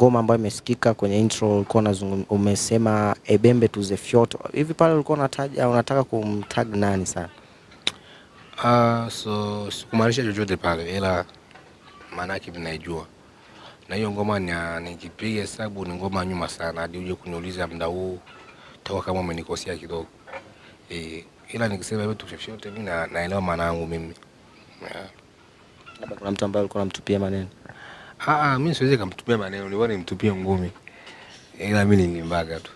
ngoma ambayo imesikika kwenye intro ulikuwa unazungumza, umesema ebembe eh, to the fjord hivi pale, ulikuwa unataja unataka kumtag nani sana? Uh, so sikumaanisha chochote pale, ila maana yake vinaijua na hiyo ngoma nikipiga hesabu ni ngoma nyuma sana, hadi uje kuniuliza muda huu toka kama umenikosea kidogo e, ila nikisema hivyo tushoshote, mimi naelewa maana yangu mimi. yeah. kuna mtu ambaye alikuwa anamtupia maneno Ah, ah, mimi siwezi kumtupia maneno, ni nilikuwa nimtupie ngumi, ila mimi ni mbaga tu.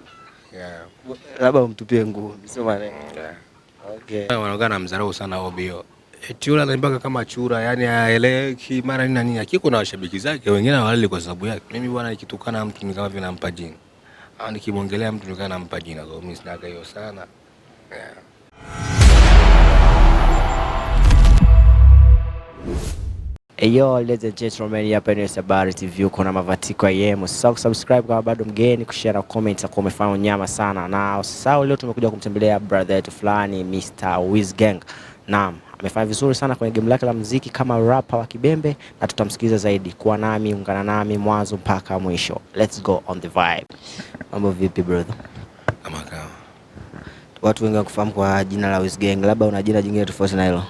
Yeah. Labda umtupie ngumi, sio maneno. Yeah. Okay. Wanaoga na mzarau sana Obio. Eti yule ananibaga kama chura, yani aeleki mara nini na nini. Akiko na washabiki zake wengine hawali kwa sababu yake. Mimi bwana nikitukana mtu ni kama vile nampa jina. Au nikimwongelea mtu ni kama nampa jina. Kwa hiyo mimi sinaga hiyo sana. Yeah. Eyo ladies and gentlemen, hapa ni Habari TV, uko na Mavatiko IM. Usisahau kusubscribe kama bado mgeni, kushare na comment, kwa umefanya unyama sana. Na usisahau leo tumekuja kumtembelea brother yetu fulani Mr Wizgang. Naam, amefanya vizuri sana kwenye game lake la muziki kama rapper wa Kibembe na tutamsikiliza zaidi. Kuwa nami, ungana nami mwanzo mpaka mwisho. Let's go on the vibe. Mambo vipi brother? Kama kawa. Watu wengi wakufahamu kwa jina la Wizgang, labda una jina jingine tofauti na hilo?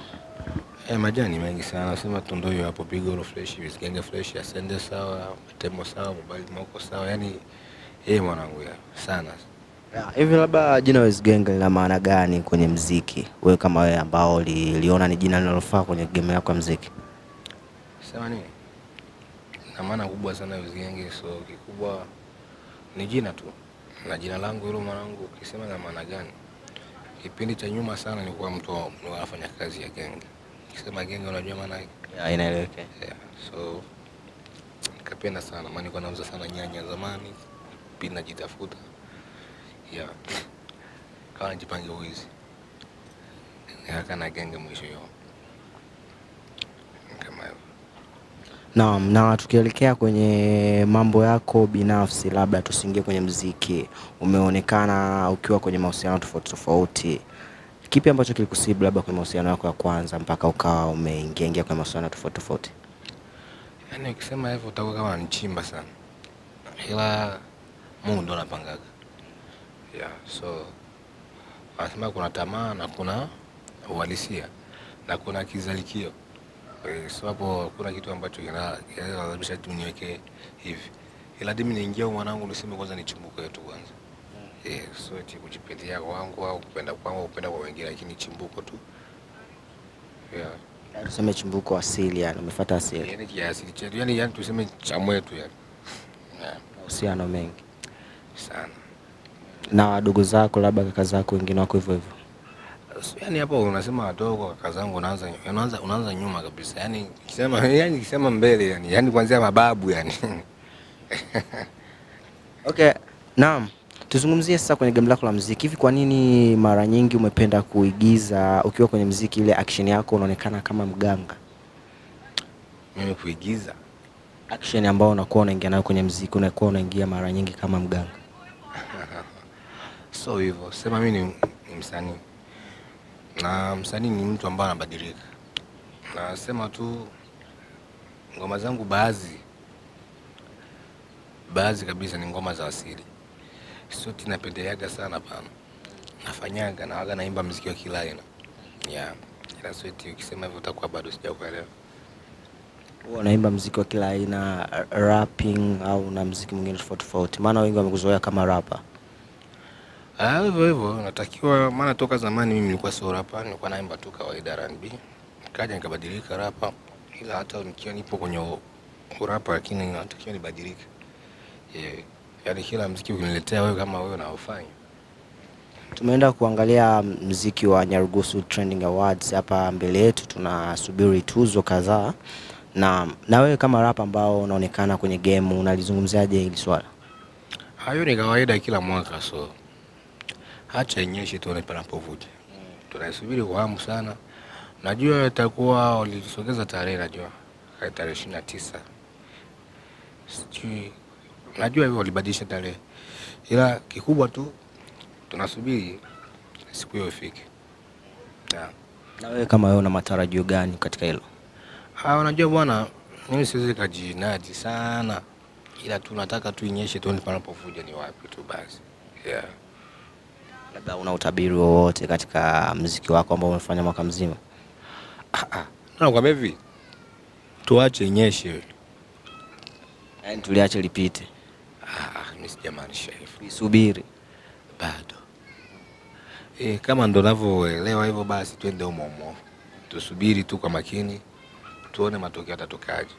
Eh, majani mengi sana nasema Tunduru hapo Bigoro fresh, Visigenge fresh, Asende sawa, Matemo sawa, mobile Moko sawa, yani yeye eh, mwanangu ya sana hivi. Labda jina Visigenge lina maana gani kwenye mziki, wewe kama wewe ambao uliona ni jina linalofaa kwenye game yako ya mziki? Sema nini? Na maana kubwa sana Visigenge, so kikubwa ni jina tu na jina langu hilo mwanangu, ukisema na maana gani? Kipindi cha nyuma sana nilikuwa mtu anafanya kazi ya genge Ukisema genge unajua maana yake. Yeah, inaeleweka. Yeah. So nikapenda sana maana kwa nauza sana nyanya zamani, pindi najitafuta. Yeah. kwa najipange wizi. Nikaka na genge mwisho hiyo. Kama Naam, na tukielekea kwenye mambo yako binafsi, labda tusiingie kwenye mziki. Umeonekana ukiwa kwenye mahusiano tofauti tofauti Kipi ambacho kilikusibu labda kwenye mahusiano yako ya kwanza mpaka ukawa umeingia ingia kwenye mahusiano tofauti tofauti? Yani ukisema hivyo utakuwa kama mchimba sana, ila Mungu ndo anapangaga. Yeah, so wanasema kuna tamaa na kuna uhalisia na kuna kizalikio. Eh, so kuna kitu ambacho kinalazimisha tu niweke hivi, ila dimi niingia mwanangu, niseme kwanza nichumbuke yetu kwanza eh, sio eti kujipendelea kwangu au kupenda kwangu au kupenda kwa wengine, lakini chimbuko tu yeah. Yaani tuseme chimbuko asili, yani umefuata asili, Yaani ya asili chetu, Yaani yani tuseme cha mwetu yani yeah. Uhusiano mengi sana na wadogo zako, labda kaka zako wengine wako hivyo hivyo Yaani hapo unasema wadogo kaka zangu, unaanza unaanza unaanza nyuma kabisa, yaani kisema yaani kisema mbele, yani yaani kuanzia mababu yani okay, naam. Tuzungumzie sasa kwenye game lako la muziki, hivi kwa nini mara nyingi umependa kuigiza ukiwa kwenye muziki, ile action yako unaonekana kama mganga? Mimi kuigiza action ambayo unakuwa unaingia nayo kwenye muziki, unakuwa unaingia mara nyingi kama mganga. So hivyo sema, mimi ni msanii na msanii ni mtu ambaye anabadilika. Nasema tu ngoma zangu baadhi baadhi kabisa ni ngoma za asili suti napendeleaga sana pana, nafanyaga na waga naimba mziki wa kila aina yeah. Ila suti ukisema hivyo utakuwa bado sijakuelewa. Huwa naimba mziki wa kila aina rapping au na mziki mwingine tofauti tofauti, maana wengi wamekuzoea kama rapa ah, hivyo hivyo, natakiwa maana toka zamani mimi nilikuwa sio rapa, nilikuwa naimba tu kawaida R&B, kaja nikabadilika rapa, ila hata nikiwa nipo kwenye urapa lakini natakiwa nibadilike yeah yani kila mziki ukiniletea wewe kama wewe unaofanya. Tumeenda kuangalia mziki wa Nyarugusu Trending Awards hapa mbele yetu, tunasubiri tuzo kadhaa. Na, na wewe kama rap ambao unaonekana kwenye game unalizungumziaje hili swala? Hayo ni kawaida kila mwaka, so hacha inyeshe tuone panapovuja. Tunaisubiri kwa hamu sana. Najua itakuwa walisogeza tarehe, najua tarehe ishirini na tisa sijui Najua hivyo walibadilisha tarehe, ila kikubwa tu tunasubiri siku hiyo ifike. Na wewe kama wewe una matarajio gani katika hilo? Ah, unajua bwana, mimi siwezi kujinaji sana, ila tu nataka tu inyeshe tu, panapovuja ni wapi tu basi, yeah. Labda una utabiri wowote katika mziki wako ambao umefanya mwaka mzima? Ah, ah. Nakwambia hivi tuache inyeshe, yaani tuliache lipite. Ah, mimi sijamani Shaifu, nisubiri bado Eh, kama ndo navyoelewa hivyo, basi twende humo humo, tusubiri tu kwa makini, tuone matokeo yatatokaje.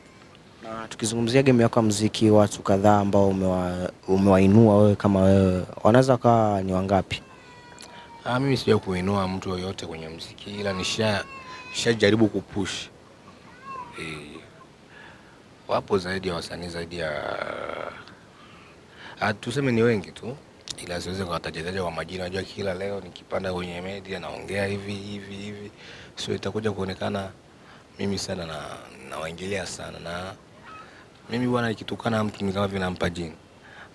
Na tukizungumzia game yako ya muziki, watu kadhaa ambao umewa, umewainua wewe kama wewe wanaweza wakawa ni wangapi? Ah, mimi sija kuinua mtu yoyote kwenye muziki, ila nisha shajaribu kupush Eh, wapo zaidi ya wasanii zaidi ya Ah, tuseme ni wengi tu, ila siwezi kuwataja kwa majina. Najua kila leo nikipanda kwenye media naongea hivi hivi hivi, so itakuja kuonekana mimi sana na nawaingilia sana na mimi bwana, nikitukana mtu ni kama vile jina,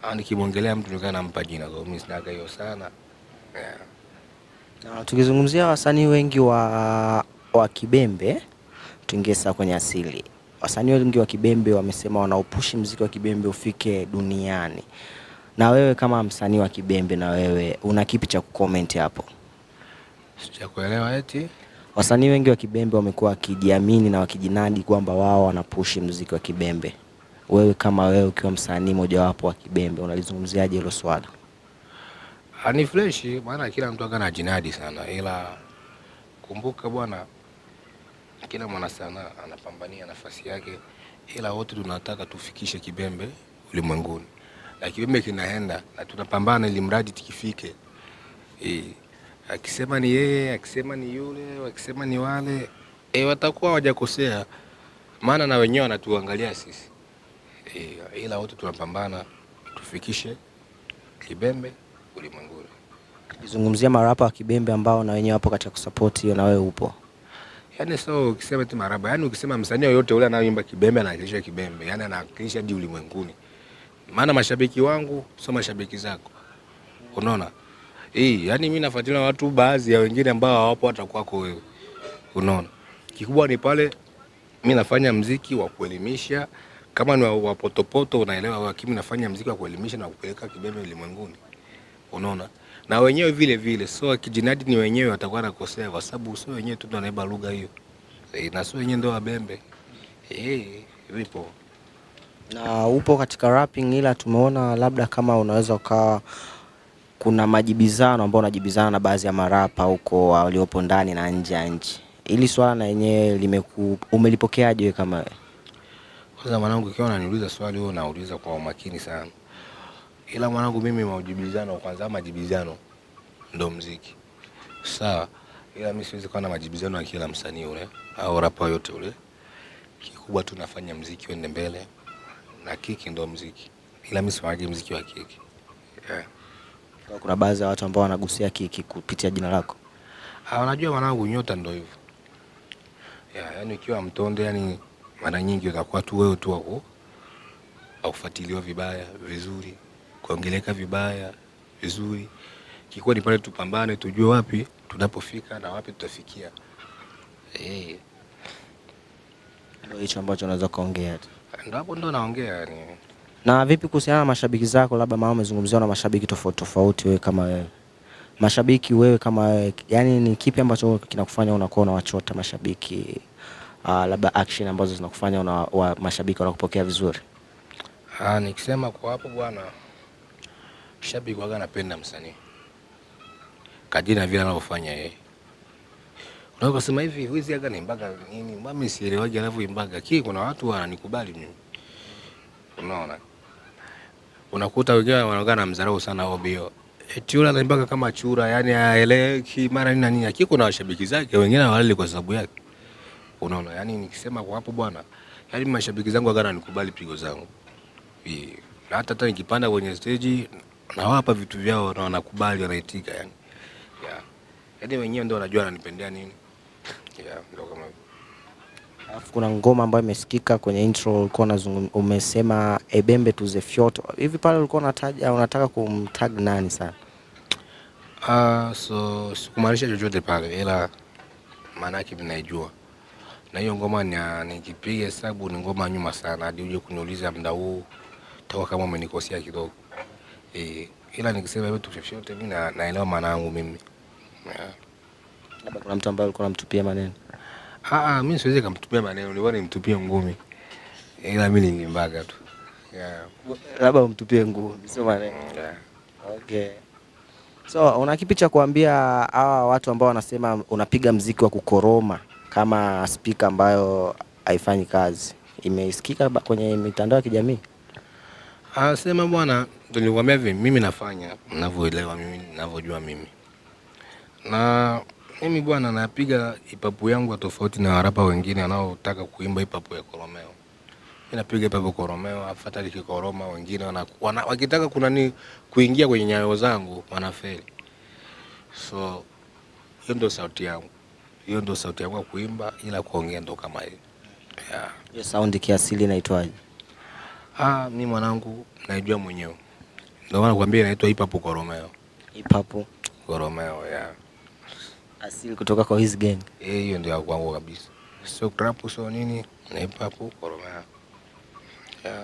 au ah, nikimwongelea mtu ni nampa jina. Kwa hiyo mimi sina hiyo sana yeah. Na tukizungumzia wasanii wengi wa, wa Kibembe tuingie sasa kwenye asili wasanii wengi wa kibembe wamesema wanaupushi mziki wa kibembe ufike duniani. Na wewe kama msanii wa kibembe, na wewe una kipi cha kukomenti hapo? Sijakuelewa. Eti wasanii wengi wa kibembe wamekuwa wakijiamini na wakijinadi kwamba wao wanapushi mziki wa kibembe. Wewe kama wewe ukiwa msanii mojawapo wa kibembe, unalizungumziaje hilo swala? Ani fresh, maana kila mtu ana jinadi sana, ila kumbuka bwana kila mwanasanaa anapambania nafasi yake, ila wote tunataka tufikishe kibembe ulimwenguni, na kibembe kinaenda na tunapambana ili mradi tikifike. E, akisema ni yeye, akisema ni yule, akisema ni wale e, watakuwa wajakosea, maana na wenyewe wanatuangalia sisi e, ila wote tunapambana tufikishe kibembe ulimwenguni. Kizungumzia marapa wa kibembe ambao na wenyewe wapo katika kusapoti hiyo, na wewe upo Yaani so ukisema tu Maraba, yani ukisema msanii yoyote ule anayoimba kibembe anawakilisha kibembe, yani anawakilisha hadi ulimwenguni. Maana mashabiki wangu sio mashabiki zako, unaona eh? Yani mimi nafuatilia watu baadhi ya wengine ambao hawapo hata kwako wewe, unaona. Kikubwa ni pale mimi nafanya mziki wa kuelimisha, kama ni wapotopoto, unaelewa, lakini nafanya mziki wa kuelimisha na kupeleka kibembe ulimwenguni, unaona na wenyewe vile vile, so kijinadi ni wenyewe watakuwa nakosea, kwa sababu sio wenyewe tu ndo wanaiba lugha hiyo e, na sio wenyewe ndo wabembe eh, vipo na upo katika rapping, ila tumeona labda kama unaweza ukawa kuna majibizano ambao unajibizana na baadhi ya marapa huko waliopo ndani na nje ya nchi. Hili swala na yenyewe umelipokeaje kama kwanza? Mwanangu, ikiwa unaniuliza swali huo, nauliza kwa umakini sana ila mwanangu, mimi maujibizano kwanza, majibizano ndo mziki sawa, ila mi siwezi kuwa na majibizano ya kila msanii ule au rapa yote ule. Kikubwa tu nafanya mziki uende mbele na kiki ndo mziki, ila mi siwagi mziki wa kiki yeah. Kuna baadhi ya watu ambao wanagusia kiki kupitia jina lako. Ah, unajua mwanangu, nyota ndo hivyo yeah, yani ukiwa mtonde, yani mara nyingi utakuwa tu wewe tu wako kufuatiliwa vibaya vizuri tukaongeleka vibaya vizuri. Kikuwa ni pale tupambane, tujue wapi tunapofika na wapi tutafikia. Eh, ndio hicho ambacho unaweza kuongea tu, ndio hapo ndo naongea yani. Na vipi kuhusiana na mashabiki zako, labda mama, umezungumziwa na mashabiki tofauti tofauti, wewe kama wewe mashabiki wewe kama wewe, yani ni kipi ambacho kinakufanya unakuwa unawachota mashabiki uh, labda action ambazo zinakufanya una, wa, mashabiki wanakupokea vizuri? Ah, nikisema kwa hapo bwana Shabiki kwaga anapenda msanii kadiri vile anavyofanya yeye. Unaweza kusema hivi wizi aga naimbaga nini? Mimi sielewaje anavyoimbaga. Kii kuna watu wananikubali mimi. Unaona? Unakuta wengine wanaoga na mdharau sana Obio. Eti yule anaimbaga kama chura, yani haeleweki mara nini na nini. Kii kuna washabiki zake wengine hawalali kwa sababu yake. Unaona? Yani nikisema kwa hapo bwana, yani mashabiki zangu aga nanikubali pigo zangu. Na hata hata nikipanda kwenye stage nawapa vitu vyao na wanakubali, wanaitika yani. Yeah. Yaani wenyewe ndio wanajua ananipendea nini. Yeah, ndio kama hivyo. Alafu kuna ngoma ambayo imesikika kwenye intro ulikuwa umesema ebembe eh, tuze fyoto Hivi pale ulikuwa unataja unataka kumtag nani sana? Uh, so sikumaanisha chochote pale, ila maana yake mnaijua, na hiyo ngoma nikipiga hesabu ni ngoma nyuma sana, hadi uje kuniuliza muda huu, toka kama umenikosea kidogo. E, ila nikisema hivyo tuvyovyote mimi na, naelewa maana yangu mimi yeah. Labda kuna mtu ambaye alikuwa anamtupia maneno. Ah, ah mimi siwezi kumtupia maneno, nilikuwa nimtupie ngumi, ila mimi nilimbaga tu yeah. Labda umtupie ngumi, sio maneno yeah. Okay. So una kipi cha kuambia hawa watu ambao wanasema unapiga mziki wa kukoroma kama spika ambayo haifanyi kazi? Imesikika kwenye mitandao ya kijamii. Asema bwana, tulikwambia hivi, mimi nafanya ninavyoelewa mimi ninavyojua mimi na mimi bwana, napiga ipapu yangu tofauti na warapa wengine wanaotaka kuimba ipapu ya koromeo. Mimi napiga ipapu koromeo, afata likikoroma wengine wana, wana, wakitaka kuna ni kuingia kwenye nyayo zangu wanafeli. So hiyo ndio sauti yangu, hiyo ndio sauti yangu ya kuimba, ila kuongea ndo kama hiyo yeah. Hiyo sound kiasili inaitwaje? Ah, mimi mwanangu naijua mwenyewe. Ndio maana nakwambia inaitwa hip hop Koromeo. Hip hop Koromeo, yeah. Asili kutoka kwa his gang. Eh, hiyo ndio kwangu kabisa. Sio trap, sio nini, na hip hop Koromeo. Yeah.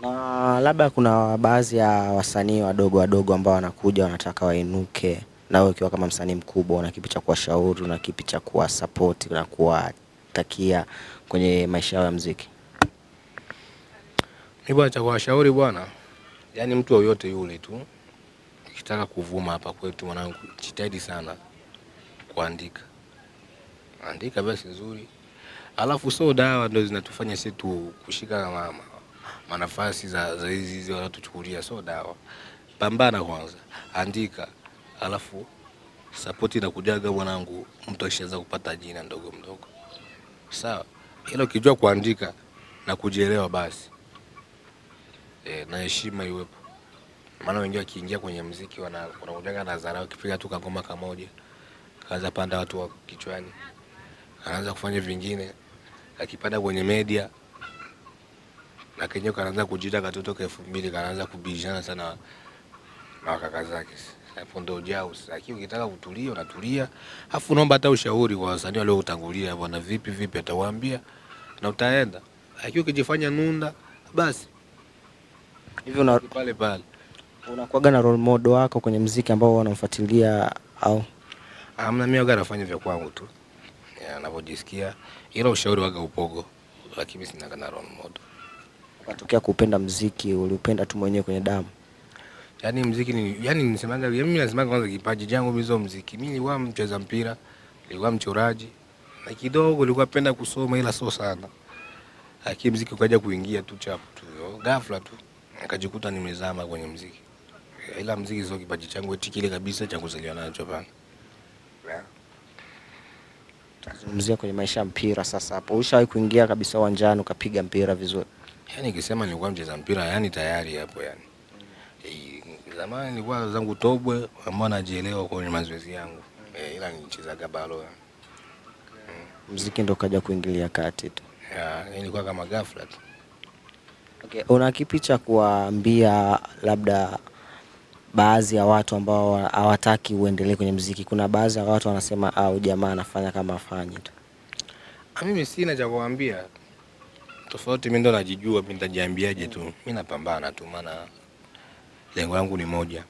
Na labda kuna baadhi ya wasanii wadogo wadogo ambao wanakuja wanataka wainuke, na wewe ukiwa kama msanii mkubwa, una kipi cha kuwashauri, una kipi cha kuwasapoti na kuwatakia kwenye maisha yao ya muziki? Mimi bwana, cha kuwashauri bwana, yaani mtu yoyote yule tu ukitaka kuvuma hapa kwetu, mwanangu, jitahidi sana kuandika, andika basi nzuri, alafu so dawa ndio zinatufanya sisi tu kushika mama manafasi za za hizi hizi wanatuchukulia, dawa. Pambana kwanza, andika, alafu sapoti kujaga mwanangu, mtu akishaanza kupata jina ndogo mdogo, sawa. Ila ukijua kuandika na kujielewa basi e, na heshima iwepo, maana wengi wakiingia kwenye mziki wanakujaga na dharau. Ukipiga tu kangoma kamoja kaanza panda watu wa kichwani, anaanza kufanya vingine, akipanda kwenye media na kenyewe kanaanza kujita katoto ka elfu mbili kanaanza kubishana sana na wakaka zake. Hapo ndo jaus. Lakini ukitaka kutulia unatulia, afu naomba hata ushauri kwa wasanii waliokutangulia, bwana, vipi vipi, atawaambia na utaenda. Lakini ukijifanya nunda, basi Hivi una pale pale. Unakuwaga na role model wako kwenye mziki ambao wanamfuatilia au? Amna, ah, mimi waga nafanya vya kwangu tu anavyojisikia, ila ushauri waga upogo, lakini sina kana role model. Ukatokea kupenda mziki, uliupenda tu mwenyewe kwenye damu? Yaani mziki ni yaani nisemaga yaani mimi nasema kwanza kipaji changu mizo sio mziki. Mimi nilikuwa mcheza mpira, nilikuwa mchoraji na kidogo nilikuwa napenda kusoma ila sio sana. Lakini mziki ukaja kuingia tu chapu tu, ghafla tu nikajikuta nimezama kwenye mziki, ila mziki sio kipaji changu eti kile kabisa cha kuzaliwa nacho. Hapana. Tazungumzia kwenye maisha ya mpira sasa. Hapo ushawahi kuingia kabisa uwanjani ukapiga mpira vizuri? Yani nikisema nilikuwa mcheza mpira yani tayari hapo yani. Zamani nilikuwa zangu tobwe ambao najielewa kwenye mazoezi yangu. E, ila nilichezaga balo. Yaani. Mziki ndo kaja kuingilia kati tu. Yeah, ilikuwa kama ghafla tu. Okay, una kipi cha kuwaambia labda baadhi ya watu ambao hawataki uendelee kwenye mziki? Kuna baadhi ya watu wanasema au ah, jamaa anafanya kama afanyi tu. Ah, mimi sina cha kuwaambia tofauti, mimi ndo najijua, mimi nitajiambiaje tu. Mimi napambana tu, maana lengo langu ni moja,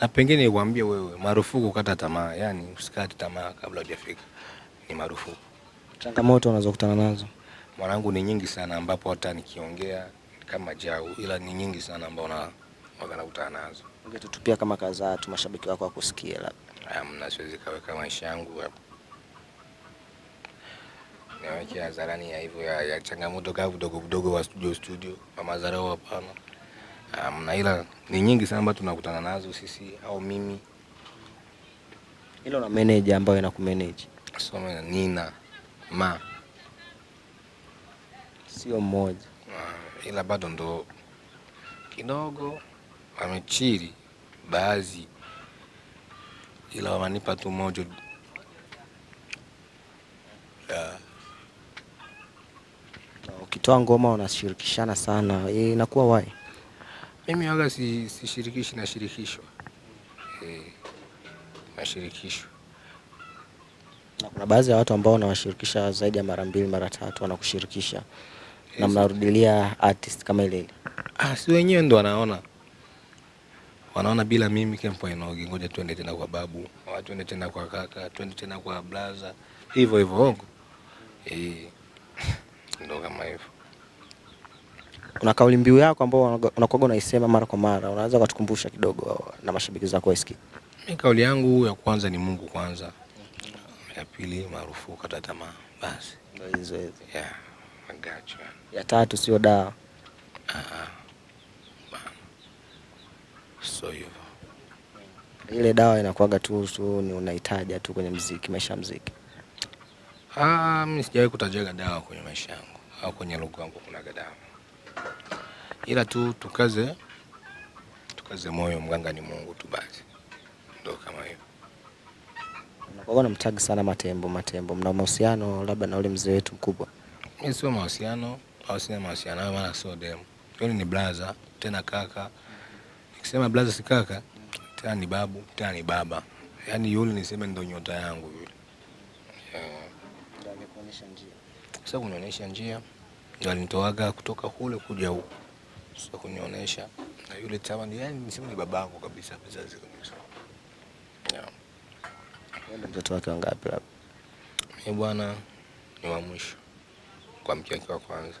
na pengine nikwambie wewe, marufuku kata tamaa, yani usikate tamaa kabla hujafika, ni marufuku. Changamoto unazokutana nazo mwanangu, ni nyingi sana ambapo hata nikiongea kama jau, ila ni nyingi sana ambao na wakanakutana nazo. Ungetutupia kama kadhaa tu mashabiki wako wakusikie, labda mna siwezi kaweka maisha yangu hapo niweke hadharani ya hivyo ya, ya changamoto kaa vidogo vidogo wa studio studio wa madharau, hapana um, na ila ni nyingi sana ambao tunakutana nazo sisi au mimi. Ila una manager ambayo ina kumanage? So nina ma sio mmoja uh, ila bado ndo kidogo wamechiri baadhi, ila wamanipa tu moja yeah. Ukitoa ngoma unashirikishana sana, inakuwa wapi? Mimi waga sishirikishi, si nashirikishwa e, nashirikishwa na kuna baadhi ya watu ambao wanawashirikisha zaidi ya mara mbili mara tatu wanakushirikisha na mnarudilia artist kama ile ile? Ah, si wenyewe ndo wanaona wanaona bila mimi Kempo Enogi, ngoja tuende tena kwa babu, tuende tena kwa kaka, tuende tena kwa blaza, hivyo hivyo hongo eh, ndo kama hivyo. Kuna kauli mbiu yako ambao unakuwaga unaisema mara kwa mara, unaweza ukatukumbusha kidogo na mashabiki zako wasikie? Mimi kauli yangu ya kwanza ni Mungu kwanza, ya pili maarufu kata tamaa, basi ndio hizo hizo, yeah. Magacho ya tatu sio dawa. Ah, ah. So hivyo ile dawa inakuwaga tu tu ni unaitaja tu kwenye mziki, maisha ya mziki. Ah, mimi sijawahi kutajaga dawa kwenye maisha yangu au kwenye lugha yangu kuna dawa, ila tu tukaze tukaze moyo, mganga ni Mungu tu basi, Ndio kama hiyo. Nakuwa na mtagi sana Matembo. Matembo, mna mahusiano labda na ule mzee wetu mkubwa? Mimi sio mahusiano au sina mahusiano nayo, maana sio demu. Yule ni brother tena kaka. Nikisema brother si kaka, tena ni babu, tena ni baba. yani yule niseme ndo nyota yangu yule. Sasa kunionyesha njia ndio alinitoaga kutoka kule kuja huku. Sasa kunionyesha na yule ni yani, niseme ni babangu kabisa vizazi kabisa. Yeah. Mtoto wake wangapi labda? Mimi bwana ni wa mwisho kwa mke wake wa kwanza.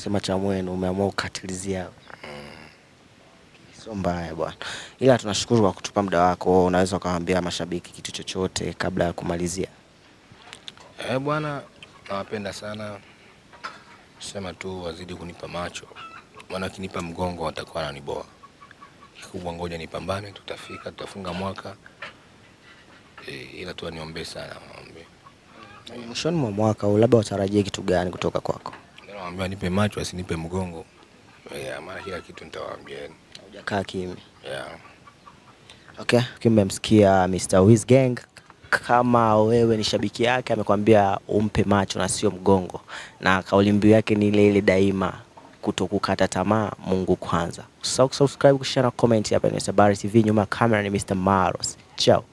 Sema cha mwenu umeamua ukatilizia sio mbaya bwana, ila tunashukuru kwa kutupa muda wako. Unaweza ukawaambia mashabiki kitu chochote kabla ya kumalizia? Eh bwana, nawapenda sana, sema tu wazidi kunipa macho, maana akinipa mgongo watakuwa wananiboa. Kikubwa ngoja nipambane, tutafika, tutafunga mwaka e, ila tu aniombee sana Mwishoni mwa mwaka huu labda watarajie kitu gani kutoka kwako? Nawaambia nipe macho asinipe mgongo. Yeah, mara kila kitu nitawaambia. Hujakaa kimya. Yeah. Okay, kimemsikia Mr. Wiz Gang kama wewe ni shabiki yake amekwambia umpe macho na sio mgongo, na kauli mbiu yake ni ile ile daima, kutokukata tamaa, Mungu kwanza. Usisahau kusubscribe, kushare na comment. Hapa ni Sabari TV, nyuma ya kamera ni Mr. Maros. Ciao.